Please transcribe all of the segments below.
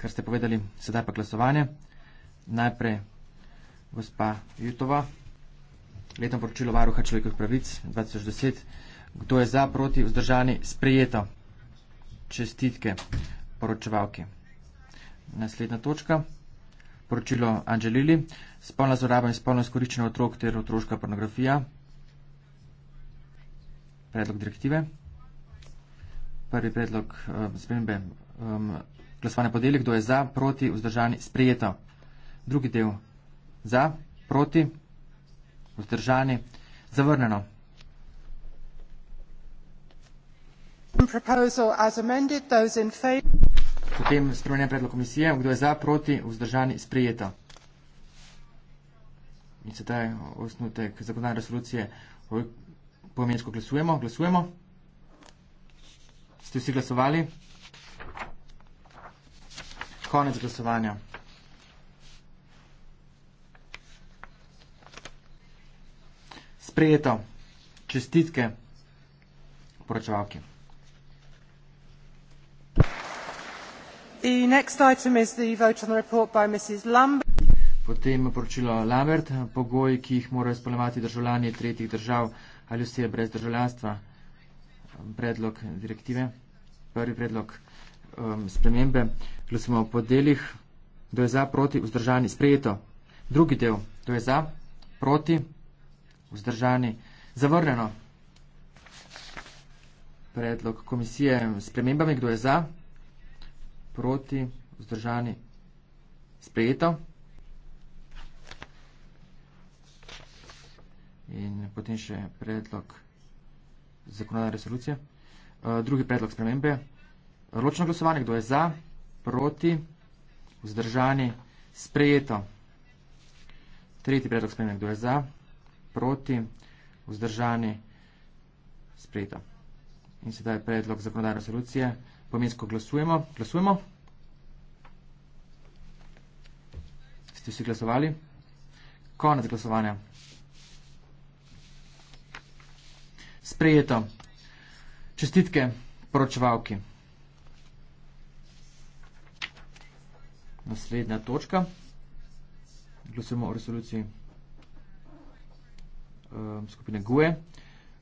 kar ste povedali, sedaj pa glasovanje. Najprej gospa Jutova, letno poročilo varuha človekovih pravic 2010. Kdo je za proti vzdržani sprejeto? Čestitke poročevalki. Naslednja točka. Poročilo Anželili. Spolna zoraba in spolno izkoriščenje otrok ter otroška pornografija. Predlog direktive. Prvi predlog um, spremembe um, glasovanje podeli, kdo je za, proti, vzdržani, sprejeto. Drugi del. Za, proti, vzdržani, zavrneno. Potem spremenjen predlog komisije, kdo je za, proti, vzdržani, sprejeto. In sedaj osnutek zakonodajne resolucije poimensko glasujemo. Glasujemo. Ste vsi glasovali? Konec glasovanja. Sprejeto. Čestitke poročevalki. The next item is the vote on the report by Mrs. Lambert. Potem poročilo Lambert, pogoji, ki jih morajo izpolnjevati državljani tretjih držav ali vse brez državljanstva. Predlog direktive. Prvi predlog um, spremembe. Glasimo po delih, kdo je za, proti, vzdržani, sprejeto. Drugi del, kdo je za, proti, vzdržani, zavrneno. Predlog komisije s premembami, kdo je za, proti, vzdržani, sprejeto. In potem še predlog zakonodajne resolucije. Uh, drugi predlog spremembe, Ročno glasovanje, kdo je za, proti, vzdržani, sprejeto. Tretji predlog spremljanja, kdo je za, proti, vzdržani, sprejeto. In sedaj je predlog zakonodajne resolucije. Pomensko glasujemo. Glasujemo. Ste vsi glasovali? Konec glasovanja. Sprejeto. Čestitke poročevalki. Naslednja točka. Glasujemo o resoluciji um, skupine GUE.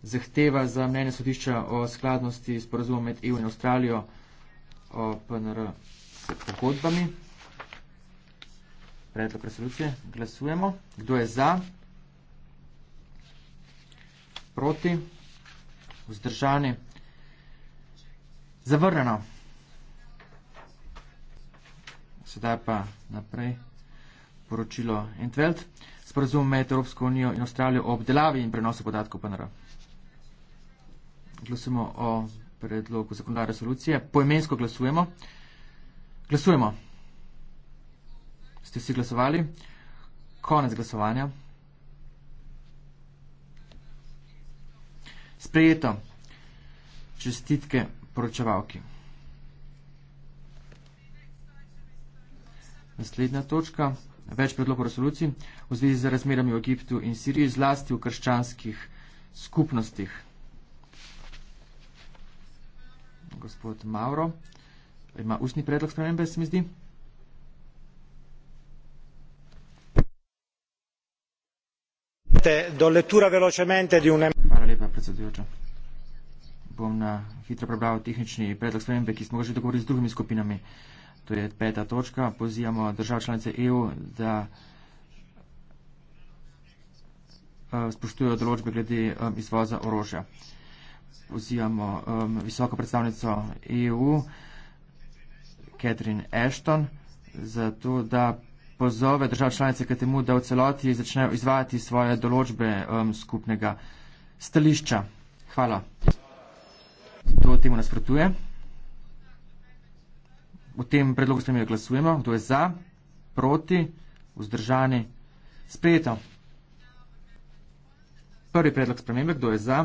Zahteva za mnenje sodišča o skladnosti sporazuma med EU in Avstralijo o PNR pogodbami. Predlog resolucije. Glasujemo. Kdo je za? Proti? Vzdržani? Zavrnjeno. Sedaj pa naprej poročilo Entveld. Sporazum med Evropsko unijo in Avstralijo o obdelavi in prenosu podatkov PNR. Glasujemo o predlogu zakonodajne resolucije. Poimensko glasujemo. Glasujemo. Ste vsi glasovali? Konec glasovanja. Sprejeto. Čestitke poročevalki. Naslednja točka. Več predlogov resolucij v zvezi z razmerami v Egiptu in Siriji, zlasti v krščanskih skupnostih. Gospod Mauro, ima ustni predlog spremembe, se mi zdi. Hvala lepa, predsedujoča. Bom na hitro prebral tehnični predlog spremembe, ki smo ga že dogovorili z drugimi skupinami. Uh, To je peta točka. Pozivamo držav članice EU, da eh, spoštujejo določbe glede eh, izvoza orožja. Pozivamo eh, visoko predstavnico EU, Catherine Ashton, zato da pozove držav članice k temu, da v celoti začnejo izvajati svoje določbe skupnega stališča. Hvala. Kdo temu nasprotuje? O tem predlogu spremembe glasujemo. Kdo je za, proti, vzdržani? Sprejeto. Prvi predlog spremembe. Kdo je za,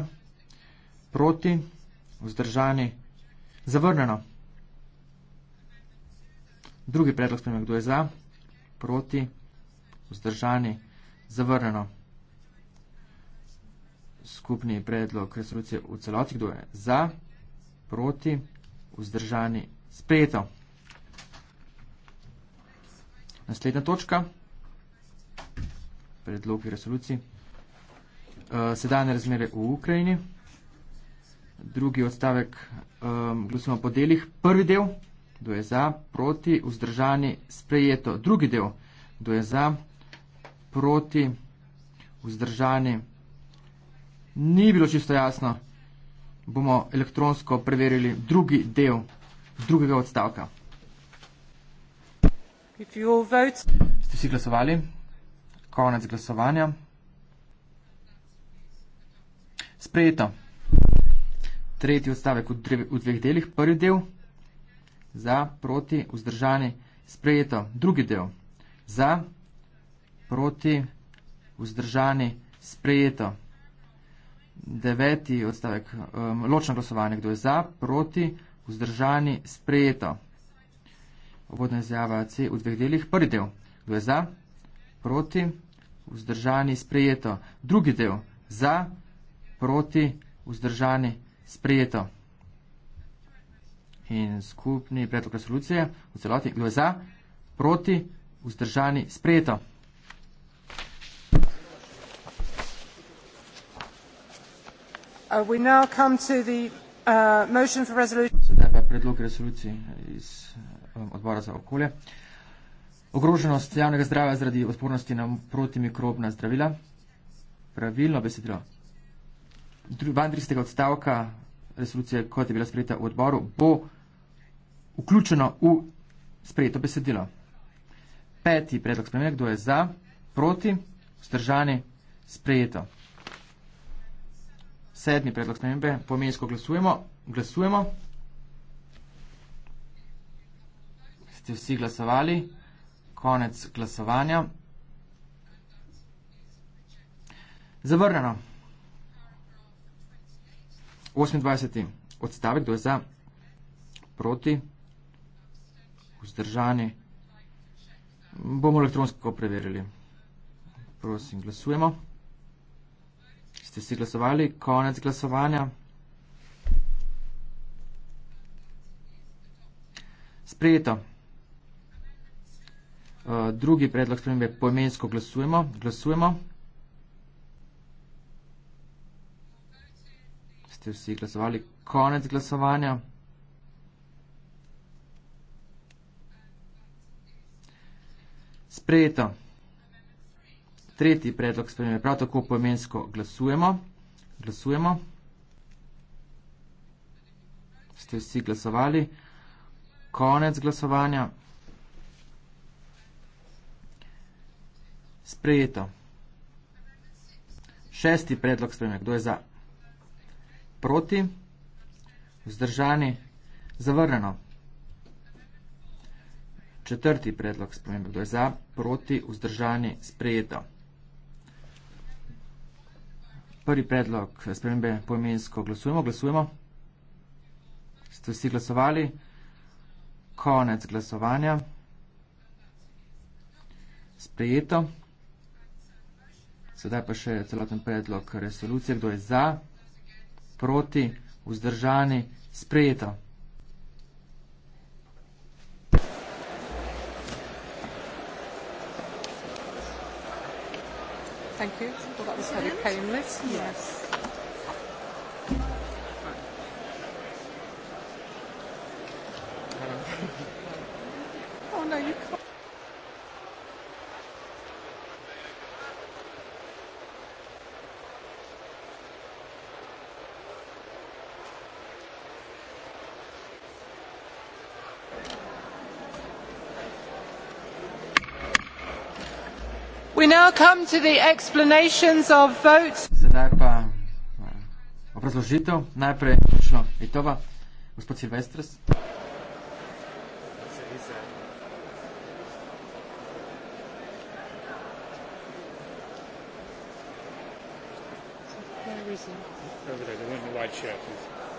proti, vzdržani? Zavrnjeno. Drugi predlog spremembe. Kdo je za, proti, vzdržani? Zavrnjeno. Skupni predlog resolucije v celoti. Kdo je za, proti, vzdržani? Sprejeto. Naslednja točka. Predlogi resolucij. Uh, eh, sedajne razmere v Ukrajini. Drugi odstavek. Um, glasujemo po delih. Prvi del. Kdo je za, proti, vzdržani, sprejeto. Drugi del. Kdo je za, proti, vzdržani. Ni bilo čisto jasno. Bomo elektronsko preverili drugi del drugega odstavka. Ste vsi glasovali? Konec glasovanja. Sprejeto. Tretji odstavek v dveh delih. Prvi del za, proti, vzdržani. Sprejeto. Drugi del za, proti, vzdržani. Sprejeto. Deveti odstavek. Um, ločno glasovanje. Kdo je za, proti, vzdržani. Sprejeto. Uvodna izjava C v dveh delih. Prvi del. Kdo je za? Proti? Vzdržani? Sprejeto. Drugi del. Za? Proti? Vzdržani? Sprejeto. In skupni predlog resolucije v celoti. Kdo je za? Proti? Vzdržani? Sprejeto. Uh, uh Sedaj pa predlog resolucije iz. Uh, odbora za okolje. Ogroženost javnega zdravja zaradi odpornosti na protimikrobna zdravila. Pravilno besedilo. Van 30. odstavka resolucije, kot je bila sprejeta v odboru, bo vključeno v sprejeto besedilo. Peti predlog spremenja, kdo je za, proti, vzdržani, sprejeto. Sedmi predlog spremenja, pomensko glasujemo. glasujemo. ste vsi glasovali. Konec glasovanja. Zavrnjeno. 28. odstavek, kdo je za, proti, vzdržani. Bomo elektronsko preverili. Prosim, glasujemo. Ste vsi glasovali? Konec glasovanja. Sprejeto. Uh, drugi predlog spremembe poimensko glasujemo. Glasujemo. Ste vsi glasovali? Konec glasovanja. Sprejeto. Tretji predlog spremembe. Prav tako poimensko glasujemo. Glasujemo. Ste vsi glasovali? Konec glasovanja. sprejeto. Šesti predlog spremembe. Kdo je za? Proti? Vzdržani? Zavrnjeno. Četrti predlog spremembe. Kdo je za? Proti? Vzdržani? Sprejeto. Prvi predlog spremembe pojmensko glasujemo. Glasujemo. Ste vsi glasovali? Konec glasovanja. Sprejeto. Sedaj pa še celoten predlog resolucije. Kdo je za, proti, vzdržani, sprejeto? Thank you. Well, that was very painless. Yes. yes. We now come to the explanations of vote. Sedaj pa obrazložitev, najprej šlo Litova, gospod Silvestres. Reason. Over there, the one in the white shirt.